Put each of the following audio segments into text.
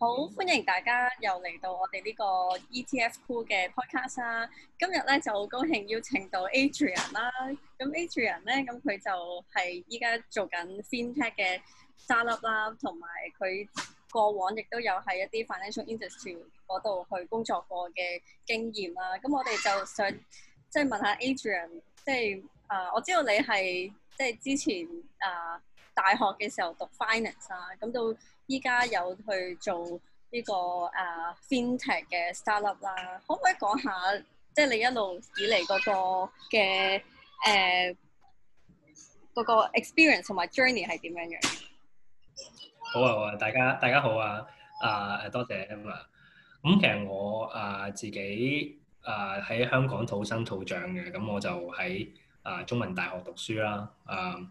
好歡迎大家又嚟到我哋呢個 ETF cool 嘅 podcast 啦、啊！今日咧就好高興邀請到 Adrian 啦、啊。咁 Adrian 咧咁佢就係依家做緊 FinTech 嘅 startup 啦、啊，同埋佢過往亦都有喺一啲 Financial industry 嗰度去工作過嘅經驗啦、啊。咁我哋就想即係問下 Adrian，即、就、係、是、啊、呃，我知道你係即係之前啊、呃、大學嘅時候讀 Finance 啊，咁到。依家有去做呢、這個啊、uh, FinTech 嘅 startup 啦，可唔可以講下即係、就是、你一路以嚟嗰個嘅誒嗰個 experience 同埋 journey 係點樣樣？好啊好啊，大家大家好啊！啊多謝 Emma 咁、嗯、其實我啊自己啊喺香港土生土長嘅，咁我就喺啊中文大學讀書啦啊。嗯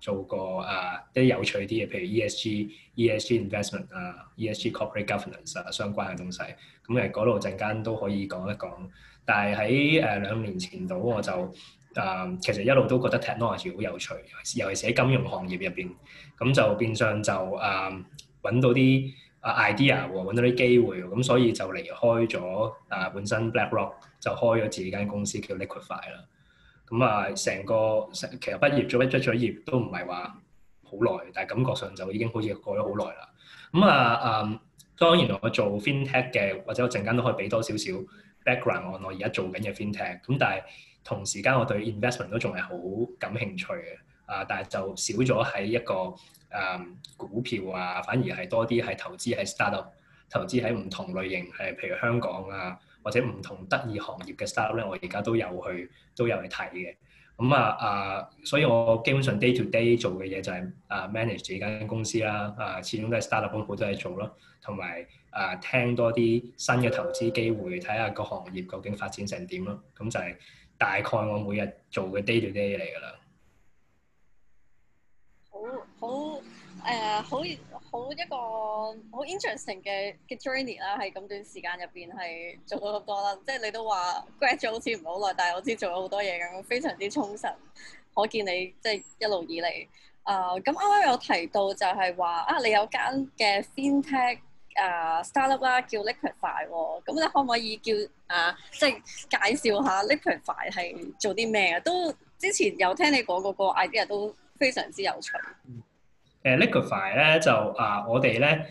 做個啊啲有趣啲嘅，譬如 ESG、ESG investment 啊、ESG corporate governance 啊相關嘅東西，咁誒嗰度陣間都可以講一講。但係喺誒兩年前度我就啊，其實一路都覺得 technology 好有趣，尤其是喺金融行業入邊，咁就變相就啊揾到啲啊 idea，揾到啲機會，咁所以就離開咗啊本身 BlackRock，就開咗自己間公司叫 Liquify 啦。咁啊，成、嗯、個成其實畢業咗一出咗業都唔係話好耐，但係感覺上就已經好似過咗好耐啦。咁、嗯、啊，嗯，當然我做 FinTech 嘅，或者我陣間都可以俾多少少 background 我而家做緊嘅 FinTech、嗯。咁但係同時間我對 investment 都仲係好感興趣嘅。啊，但係就少咗喺一個誒、嗯、股票啊，反而係多啲係投資喺 start up，投資喺唔同類型，係譬如香港啊。或者唔同得意行業嘅 startup 咧，我而家都有去，都有去睇嘅。咁啊啊，所以我基本上 day to day 做嘅嘢就係啊 manage 呢間公司啦，啊始終都係 startup 公司都係做咯，同埋啊聽多啲新嘅投資機會，睇下個行業究竟發展成點咯。咁就係大概我每日做嘅 day to day 嚟噶啦。好好誒、uh, 好。好一個好 interesting 嘅 journey 啦，喺咁短時間入邊係做到咁多啦，即係你都話 grad 咗好似唔好耐，但係我知做咗好多嘢咁，非常之充實。可見你即係一路以嚟啊！咁啱啱有提到就係話啊，你有間嘅 fin tech 啊 startup 啦，叫 Liquidify 咁、啊、你可唔可以叫啊，即、就、係、是、介紹下 Liquidify 係做啲咩啊？都之前有聽你講嗰、那個 idea 都非常之有趣。誒 Liquify 咧就啊，我哋咧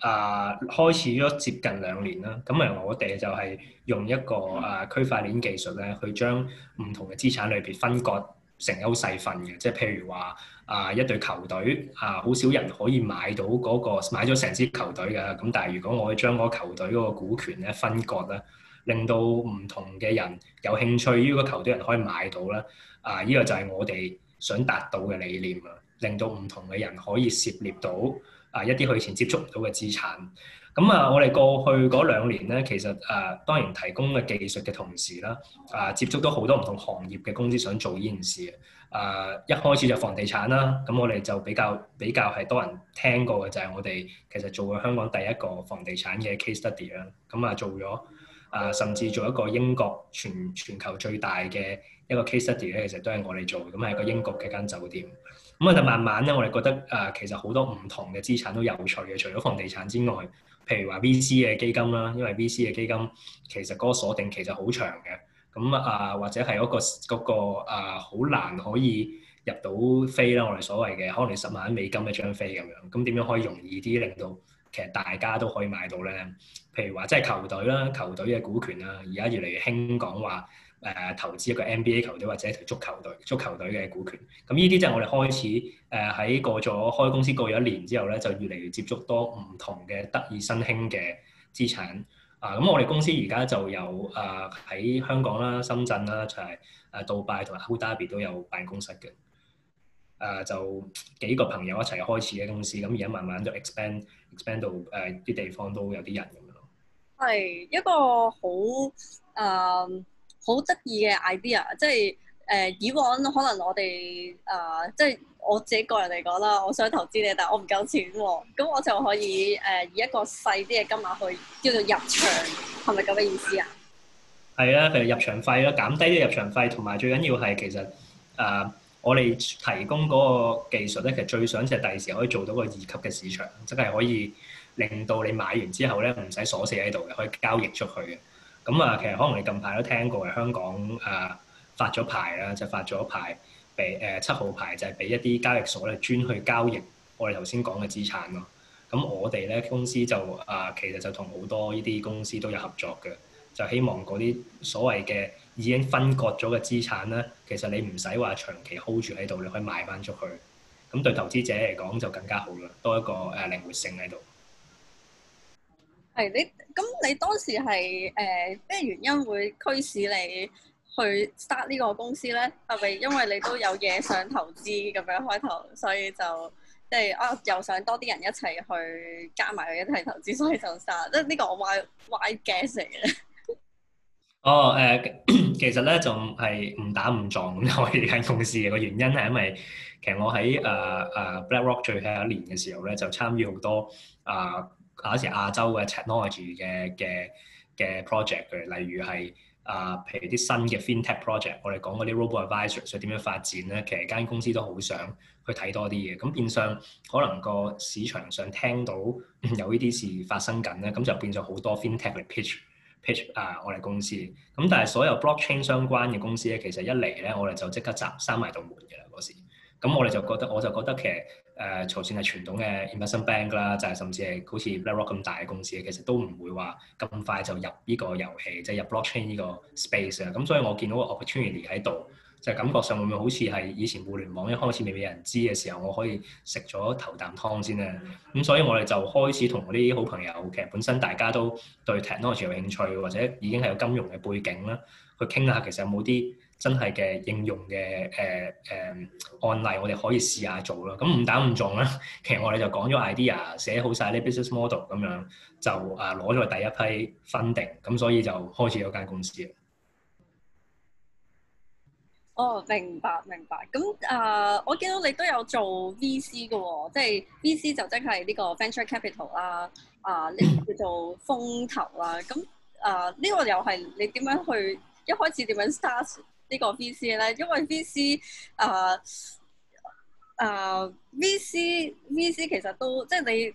啊開始咗接近兩年啦。咁誒，我哋就係用一個啊區塊鏈技術咧，去將唔同嘅資產裏邊分割成好細份嘅。即係譬如話啊一隊球隊啊，好少人可以買到嗰、嗰個買咗成支球隊嘅。咁但係如果我將嗰球隊嗰個股權咧分割咧，令到唔同嘅人有興趣於個球隊，人可以買到咧。啊，依、呢個就係我哋想達到嘅理念啊！令到唔同嘅人可以涉獵到啊一啲佢以前接觸唔到嘅資產，咁啊我哋過去嗰兩年咧，其實誒、啊、當然提供嘅技術嘅同時啦，啊接觸到好多唔同行業嘅公司想做呢件事，啊一開始就房地產啦，咁我哋就比較比較係多人聽過嘅就係我哋其實做過香港第一個房地產嘅 case study 啦、啊，咁啊做咗。啊，甚至做一個英國全全球最大嘅一個 case study 咧，其實都係我哋做，咁係個英國嘅間酒店。咁啊，就慢慢咧，我哋覺得啊，其實好多唔同嘅資產都有趣嘅，除咗房地產之外，譬如話 VC 嘅基金啦，因為 VC 嘅基金其實嗰個鎖定期其實好長嘅，咁啊或者係嗰個嗰個啊好難可以入到飛啦，我哋所謂嘅，可能你十萬美金一張飛咁樣，咁點樣可以容易啲令到，其實大家都可以買到咧，譬如話即係球隊啦、球隊嘅股權啦，而家越嚟越興講話誒投資一個 NBA 球隊或者足球隊、足球隊嘅股權。咁呢啲就我哋開始誒喺、呃、過咗開公司過咗一年之後咧，就越嚟越接觸多唔同嘅得意新興嘅資產。啊，咁我哋公司而家就有誒喺、呃、香港啦、深圳啦，就係誒杜拜同埋阿布達比都有辦公室嘅。誒、呃、就幾個朋友一齊開始嘅公司，咁而家慢慢就 expand expand 到誒啲、呃、地方都有啲人咁樣咯。係一個好誒好得意嘅 idea，即係誒、呃、以往可能我哋誒、呃、即係我自己個人嚟講啦，我想投資你，但我唔夠錢喎、啊，咁我就可以誒、呃、以一個細啲嘅金額去叫做入場，係咪咁嘅意思啊？係啊，譬如入場費啦，減低啲入場費，同埋最緊要係其實誒。呃我哋提供嗰個技術咧，其實最想就係第時可以做到個二級嘅市場，即係可以令到你買完之後咧，唔使鎖死喺度嘅，可以交易出去嘅。咁、嗯、啊，其實可能你近排都聽過係香港誒、呃、發咗牌啦，就發咗牌俾誒七號牌，就係俾一啲交易所咧專去交易我哋頭先講嘅資產咯。咁、嗯、我哋咧公司就誒、呃、其實就同好多呢啲公司都有合作嘅，就希望嗰啲所謂嘅。已經分割咗嘅資產咧，其實你唔使話長期 hold 住喺度，你可以賣翻出去。咁對投資者嚟講就更加好啦，多一個誒靈活性喺度。係，你咁你當時係誒咩原因會驅使你去 start 呢個公司咧？係咪因為你都有嘢想投資咁樣開頭，所以就即係啊又想多啲人一齊去加埋佢一齊投資，所以就 start？即係呢個我 wild wild guess 嚟嘅。哦，誒、oh, uh, 其實咧仲係誤打誤撞咁入呢間公司嘅個原因，係因為其實我喺誒誒、uh, uh, BlackRock 最尾一年嘅時候咧，就參與好多啊，嗰、uh, 時亞洲嘅 technology 嘅嘅嘅 project 嘅，pro ject, 例如係啊，譬、uh, 如啲新嘅 FinTech project，我哋講嗰啲 robo advisor 想點樣發展咧，其實間公司都好想去睇多啲嘢。咁變相可能個市場上聽到有呢啲事發生緊咧，咁就變咗好多 FinTech 嘅 pitch。Itch, 啊！我哋公司咁，但係所有 blockchain 相關嘅公司咧，其實一嚟咧，我哋就即刻集閂埋道門嘅啦嗰時。咁我哋就覺得，我就覺得其實誒，就算係傳統嘅 investment bank 啦，就係甚至係好似 BlackRock 咁大嘅公司，其實都唔會話咁快就入呢個遊戲，即係入 blockchain 呢個 space 啊。咁所以我見到個 opportunity 喺度。就感覺上會唔會好似係以前互聯網一開始未俾人知嘅時候，我可以食咗頭啖湯先啊！咁所以我哋就開始同我啲好朋友，其實本身大家都對 technology 有興趣，或者已經係有金融嘅背景啦，去傾下其實有冇啲真係嘅應用嘅誒誒案例，我哋可以試下做咯。咁誤打誤撞啦，其實我哋就講咗 idea，寫好晒啲 business model 咁樣，就啊攞咗第一批 funding，咁所以就開始咗間公司。哦，明白明白。咁啊、呃，我見到你都有做 VC 嘅喎、哦，即、就、係、是、VC 就即係呢個 venture capital 啦、啊，啊、呃、呢叫做風投啦。咁啊，呢、呃這個又係你點樣去一開始點樣 start 呢個 VC 咧因為 VC 啊、呃、啊、呃、VC VC 其實都即係、就是、你。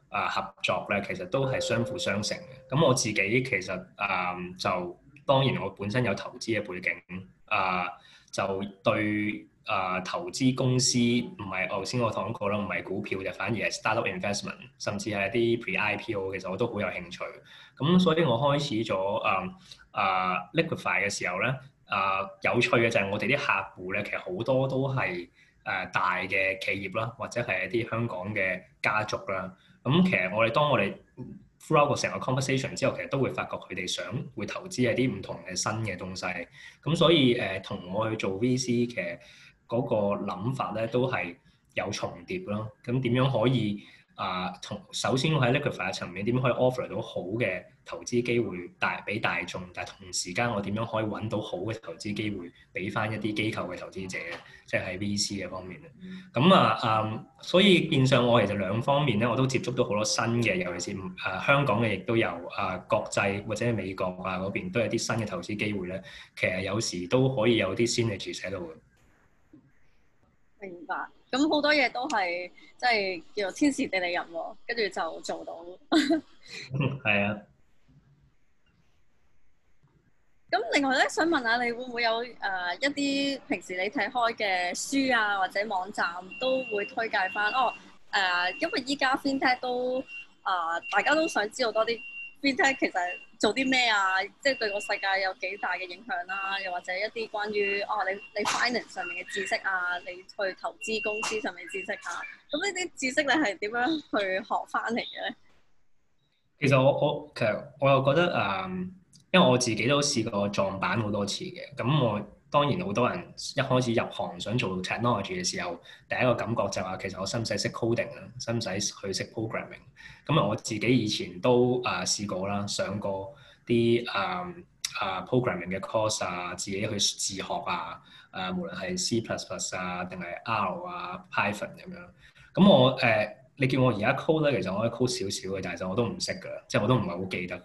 啊合作咧，其實都係相輔相成嘅。咁我自己其實啊、嗯，就當然我本身有投資嘅背景，啊就對啊投資公司唔係頭先我講過啦，唔係股票就反而係 startup investment，甚至係一啲 pre IPO 其實我都好有興趣。咁所以我開始咗、嗯、啊啊 l i q u i f y 嘅時候咧，啊有趣嘅就係我哋啲客戶咧，其實好多都係誒大嘅企業啦，或者係一啲香港嘅家族啦。咁其實我哋當我哋 follow 過成個 conversation 之後，其實都會發覺佢哋想會投資一啲唔同嘅新嘅東西。咁、嗯、所以誒，同、呃、我去做 VC 嘅嗰個諗法咧，都係有重疊咯。咁、嗯、點樣可以啊？同、呃、首先我喺 liquify 嘅層面，點樣可以 offer 到好嘅投資機會大，俾大眾，但係同時間我點樣可以揾到好嘅投資機會，俾翻一啲機構嘅投資者，即係喺 VC 嘅方面。咁啊，嗯，uh, um, 所以變相我其實兩方面咧，我都接觸到好多新嘅，尤其是誒、uh, 香港嘅，亦都有啊、uh, 國際或者美國啊嗰邊都有啲新嘅投資機會咧。其實有時都可以有啲先例住寫到。明白，咁好多嘢都係即係叫做天時地利人和，跟住就做到。係 啊。 咁另外咧，想問下你會唔會有誒一啲平時你睇開嘅書啊，或者網站都會推介翻哦誒、呃，因為依家 FinTech 都啊、呃，大家都想知道多啲 FinTech 其實做啲咩啊，即係對個世界有幾大嘅影響啦、啊，又或者一啲關於哦你你 Finance 上面嘅知識啊，你去投資公司上面嘅知識啊，咁呢啲知識你係點樣去學翻嚟嘅咧？其實我我其實我又覺得誒。Um, 嗯因為我自己都試過撞板好多次嘅，咁我當然好多人一開始入行想做 technology 嘅時候，第一個感覺就話其實我使唔使識 coding 啊，使唔使去識 programming？咁啊，我自己以前都啊試、呃、過啦，上過啲、嗯、啊啊 programming 嘅 course 啊，自己去自學啊，誒無論係 C++ 啊定係 R 啊 Python 咁、啊、樣。咁我誒、呃、你叫我而家 code 咧，其實我可以 code 少少嘅，但係就我都唔識㗎，即係我都唔係好記得㗎。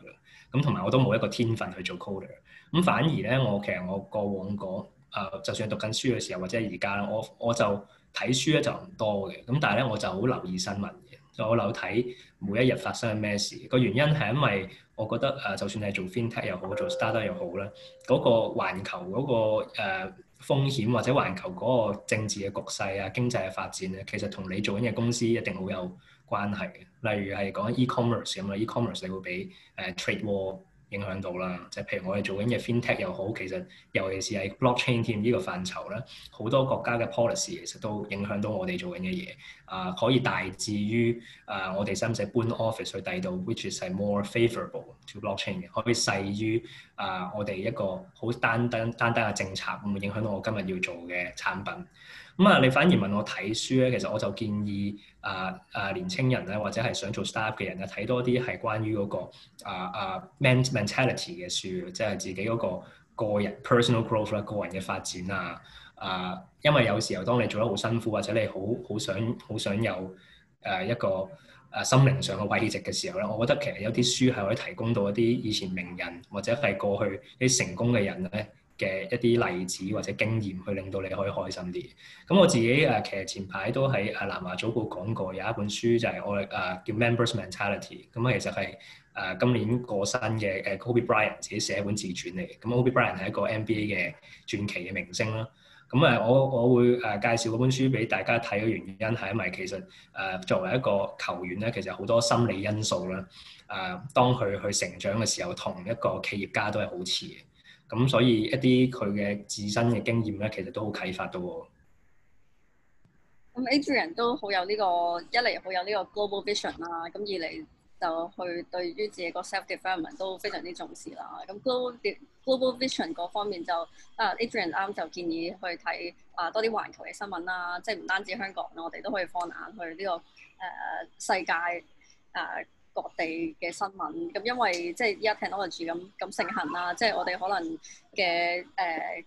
咁同埋我都冇一個天分去做 coder，咁反而咧，我其實我過往講啊、呃，就算讀緊書嘅時候，或者而家，我我就睇書咧就唔多嘅，咁但係咧我就好留意新聞嘅，我留意睇每一日發生咩事。個原因係因為我覺得啊、呃，就算係做 FinTech 又好，做 Startup 又好啦，嗰、那個環球嗰、那個誒、呃、風險或者環球嗰個政治嘅局勢啊、經濟嘅發展咧，其實同你做緊嘅公司一定好有關係嘅，例如係講 e-commerce 咁、e、啦，e-commerce 你會俾誒、uh, trade war 影響到啦。即係譬如我哋做緊嘅 fintech 又好，其實尤其是係 blockchain 呢個範疇咧，好多國家嘅 policy 其實都影響到我哋做緊嘅嘢。啊，可以大致於啊，我哋使唔使搬 office 去第二度，which is 係 more favorable to blockchain 嘅，可以細於啊，我哋一個好單單單單嘅政策，咁會影響到我今日要做嘅產品。咁啊、嗯，你反而問我睇書咧，其實我就建議啊啊年青人咧，或者係想做 startup 嘅人、那個、啊，睇多啲係關於嗰個啊啊 ment mentality 嘅書，即係自己嗰個個人 personal growth 啦，個人嘅發展啊啊，因為有時候當你做得好辛苦，或者你好好想好想有誒一個誒心靈上嘅慰藉嘅時候咧，我覺得其實有啲書係可以提供到一啲以前名人或者係過去一啲成功嘅人咧，嘅一啲例子或者經驗，去令到你可以開心啲。咁我自己誒，其實前排都喺誒南華早報講過，有一本書就係我誒叫 Members Mentality，咁啊其實係誒今年過身嘅誒 Kobe Bryant 自己寫一本自傳嚟嘅。咁 Kobe Bryant 係一個 NBA 嘅傳奇嘅明星啦。咁啊，我我會誒介紹嗰本書俾大家睇嘅原因係因為其實誒作為一個球員咧，其實好多心理因素啦。誒當佢去成長嘅時候，同一個企業家都係好似嘅。咁所以一啲佢嘅自身嘅經驗咧，其實都好啟發到喎。咁 Adrian 都好有呢個，一嚟好有呢個 global vision 啦，咁二嚟就去對於自己個 self development 都非常之重視啦。咁 global vision 嗰方面就啊 Adrian 啱就建議去睇啊多啲環球嘅新聞啦，即係唔單止香港，我哋都可以放眼去呢個誒、呃、世界啊。呃各地嘅新聞，咁因為即係依家 technology 咁咁盛行啦，即係我哋可能嘅誒。呃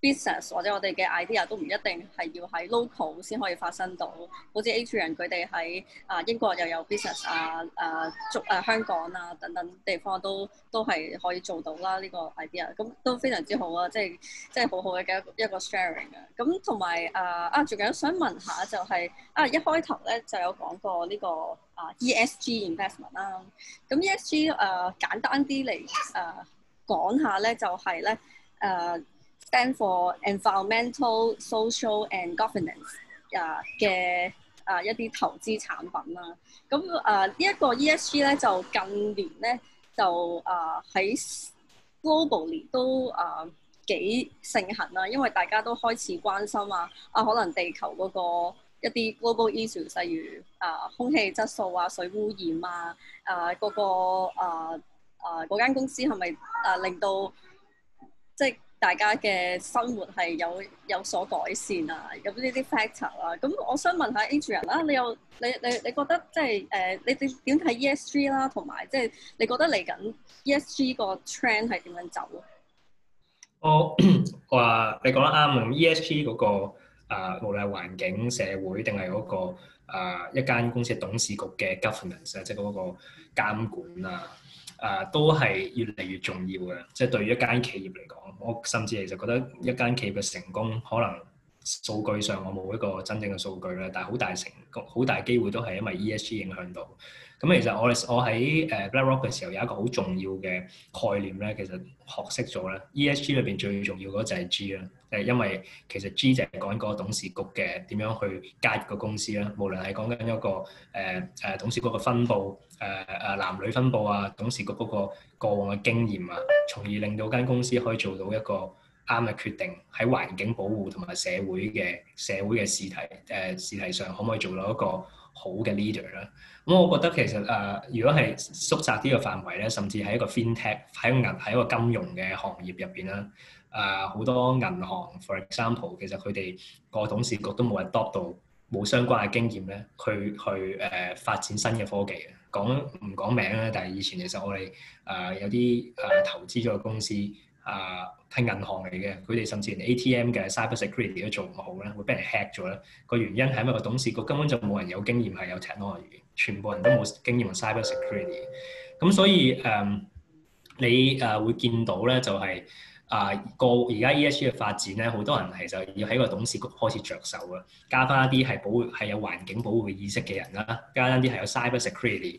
business 或者我哋嘅 idea 都唔一定係要喺 local 先可以發生到，好似 Atrion 佢哋喺啊英國又有 business 啊啊中啊香港啊等等地方都都係可以做到啦。呢、這個 idea 咁都非常之好啊，即係即係好好嘅一個一個 sharing、呃、啊。咁同埋啊啊，仲有想問下就係、是、啊，一開頭咧就有講過呢、這個啊、呃、ESG investment 啦。咁 ESG 誒、呃、簡單啲嚟誒講下咧、就是，就係咧誒。stand for environmental, social and governance 啊嘅啊一啲投資產品啦，咁啊呢一個 ESG 咧就近年咧就啊喺 globally 都啊幾盛行啦，因為大家都開始關心啊啊可能地球嗰個一啲 global issue，例如啊空氣質素啊、水污染啊、啊個個啊啊間公司係咪啊令到即係。大家嘅生活係有有所改善啊，有呢啲 factor 啊。咁我想問下 Angela 啦，你有你你你覺得即係誒你哋點睇 ESG 啦、啊，同埋即係你覺得嚟緊 ESG 個 trend 係點樣走？我啊、哦呃，你講得啱。咁、嗯、ESG 嗰、那個啊、呃，無論係環境、社會定係嗰個、呃、一間公司嘅董事局嘅 governance 啊，即係嗰個監管啊。誒都係越嚟越重要嘅，即係對於一間企業嚟講，我甚至其實覺得一間企業嘅成功，可能數據上我冇一個真正嘅數據咧，但係好大成功，好大機會都係因為 ESG 影響到。咁其實我我喺誒 BlackRock 嘅時候有一個好重要嘅概念咧，其實學識咗咧 ESG 裏邊最重要嗰就係 G 啦，誒因為其實 G 就係講緊個董事局嘅點樣去加入個公司啦，無論係講緊一個誒誒董事局嘅分佈誒誒男女分佈啊，董事局嗰個、呃、過往嘅經驗啊，從而令到間公司可以做到一個啱嘅決定，喺環境保護同埋社會嘅社會嘅事題誒、呃、事題上，可唔可以做到一個？好嘅 leader 啦，咁我覺得其實誒、呃，如果係縮窄啲個範圍咧，甚至喺一個 fintech，喺個銀喺個金融嘅行業入邊啦，誒、呃、好多銀行，for example，其實佢哋個董事局都冇人 d 到，冇相關嘅經驗咧，佢去誒、呃、發展新嘅科技嘅，講唔講名咧？但係以前其實我哋誒、呃、有啲誒、呃、投資咗個公司。啊，係銀行嚟嘅，佢哋甚至連 ATM 嘅 cyber security 都做唔好咧，會俾人 hack 咗咧。個原因係因為個董事局根本就冇人有經驗係有 technology，全部人都冇經驗。cyber security，咁所以誒、嗯，你誒、啊、會見到咧、就是，就係啊個而家 ESG 嘅發展咧，好多人係就要喺個董事局開始着手啊，加翻一啲係保護係有環境保護意識嘅人啦，加一啲係有 cyber security 誒、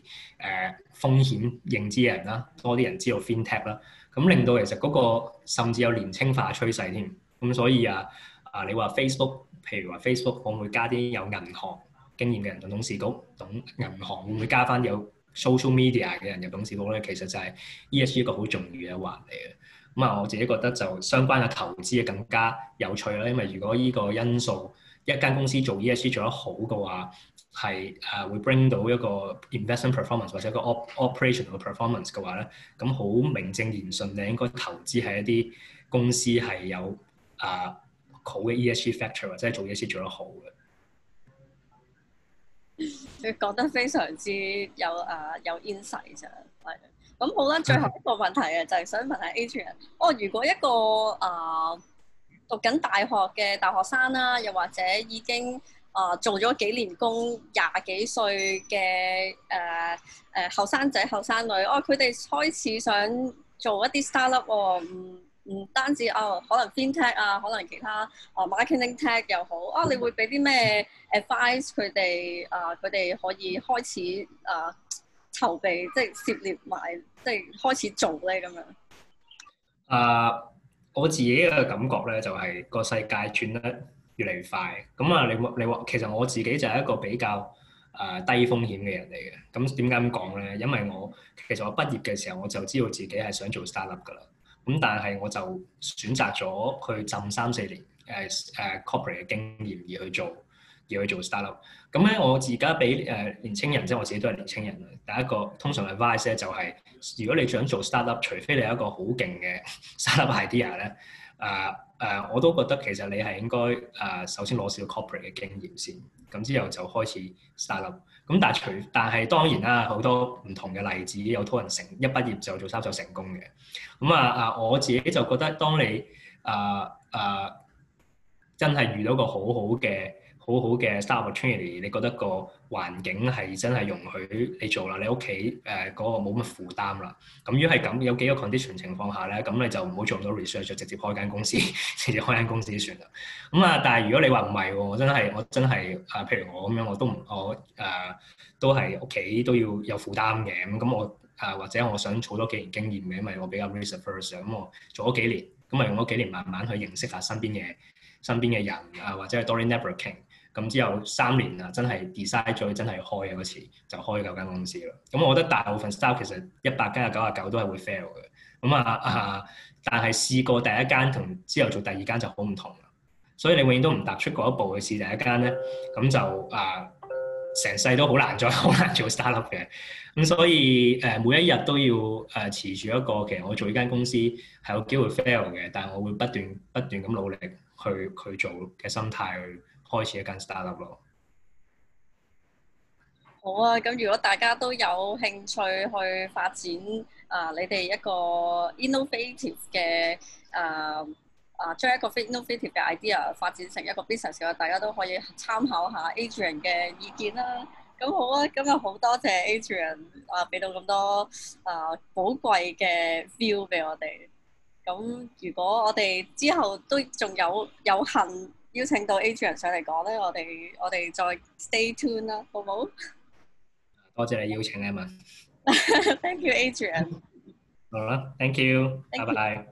啊、風險認知嘅人啦，多啲人知道 fintech 啦。咁令到其實嗰個甚至有年青化趨勢添，咁所以啊啊，你話 Facebook，譬如話 Facebook，會唔會加啲有銀行經驗嘅人入董事局？懂銀行會唔會加翻有 social media 嘅人入董事局咧？其實就係 ESG 一個好重要嘅一環嚟嘅。咁啊，我自己覺得就相關嘅投資啊更加有趣啦，因為如果呢個因素一間公司做 ESG 做得好嘅話，係誒會 bring 到一個 investment performance 或者一個 op operational performance 嘅話咧，咁好名正言順，你應該投資喺一啲公司係有啊好嘅 ESG factor 或者係做 ESG 做得好嘅。你講得非常之有誒有 insight，係。咁好啦，最後一個問題啊，就係想問下 Adrian，哦，如果一個啊、呃、讀緊大學嘅大學生啦，又或者已經。啊，做咗幾年工，廿幾歲嘅誒誒後生仔後生女，哦、呃，佢、呃、哋、呃、開始想做一啲 startup 喎、哦，唔唔單止啊、哦，可能 fintech 啊，可能其他啊、哦、marketing tech 又好，啊、哦，你會俾啲咩 advice 佢、呃、哋啊，佢哋可以開始啊、呃、籌備，即係涉獵埋，即係開始做咧咁樣。啊、呃，我自己嘅感覺咧，就係、是、個世界轉得越嚟越快，咁啊，你你話其實我自己就係一個比較誒低風險嘅人嚟嘅。咁點解咁講咧？因為我其實我畢業嘅時候我就知道自己係想做 startup 噶啦。咁但係我就選擇咗去浸三四年誒誒 corporate 嘅經驗而去做而去做 startup。咁咧，我而家俾誒年青人即係我自己都係年青人，第一個通常嘅 advice 咧、就係，就係如果你想做 startup，除非你係一個好勁嘅 startup idea 咧。誒誒，uh, uh, 我都覺得其實你係應該誒，uh, 首先攞少 corporate 嘅經驗先，咁之後就開始 startup。咁但係除，但係當然啦，好多唔同嘅例子有多人成一畢業就做 startup 成功嘅。咁啊啊，uh, uh, 我自己就覺得，當你啊啊，uh, uh, 真係遇到個好好嘅。好好嘅 startup opportunity 你覺得個環境係真係容許你做啦，你屋企誒嗰個冇乜負擔啦。咁如果係咁，有幾個 condition 情況下咧，咁你就唔好做唔到 research，就直接開間公司，直接開間公司算啦。咁啊，但係如果你話唔係喎，我真係我真係啊，譬如我咁樣，我都唔我誒、呃，都係屋企都要有負擔嘅。咁咁我啊、呃、或者我想儲多幾年經驗嘅，因為我比較 research first 咁，我做咗幾年。咁啊，用咗幾年慢慢去認識下身邊嘅身邊嘅人啊，或者係 Dolly Networking，咁之後三年啊，真係 decide 咗真係開啊嗰次就開咗間公司咯。咁我覺得大部分 style 其實一百間有九十九都係會 fail 嘅。咁啊啊，但係試過第一間同之後做第二間就好唔同啦。所以你永遠都唔踏出嗰一步去試第一間咧，咁就啊～成世都好難再好難做 startup 嘅，咁所以誒、呃、每一日都要誒、呃、持住一個其實我做呢間公司係有機會 fail 嘅，但係我會不斷不斷咁努力去去做嘅心態去開始一間 startup 咯。好啊，咁如果大家都有興趣去發展啊、呃，你哋一個 innovative 嘅啊～、呃啊，將一個非 innovative idea 發展成一個 business 嘅，大家都可以參考下 Adrian 嘅意見啦。咁好啊，今日好多謝 Adrian 啊，俾到咁多啊寶貴嘅 view 俾我哋。咁如果我哋之後都仲有有幸邀請到 Adrian 上嚟講咧，我哋我哋再 stay tune 啦，好唔好？多謝你邀請啊 Emma。Thank you, Adrian。好啦，Thank you，拜拜。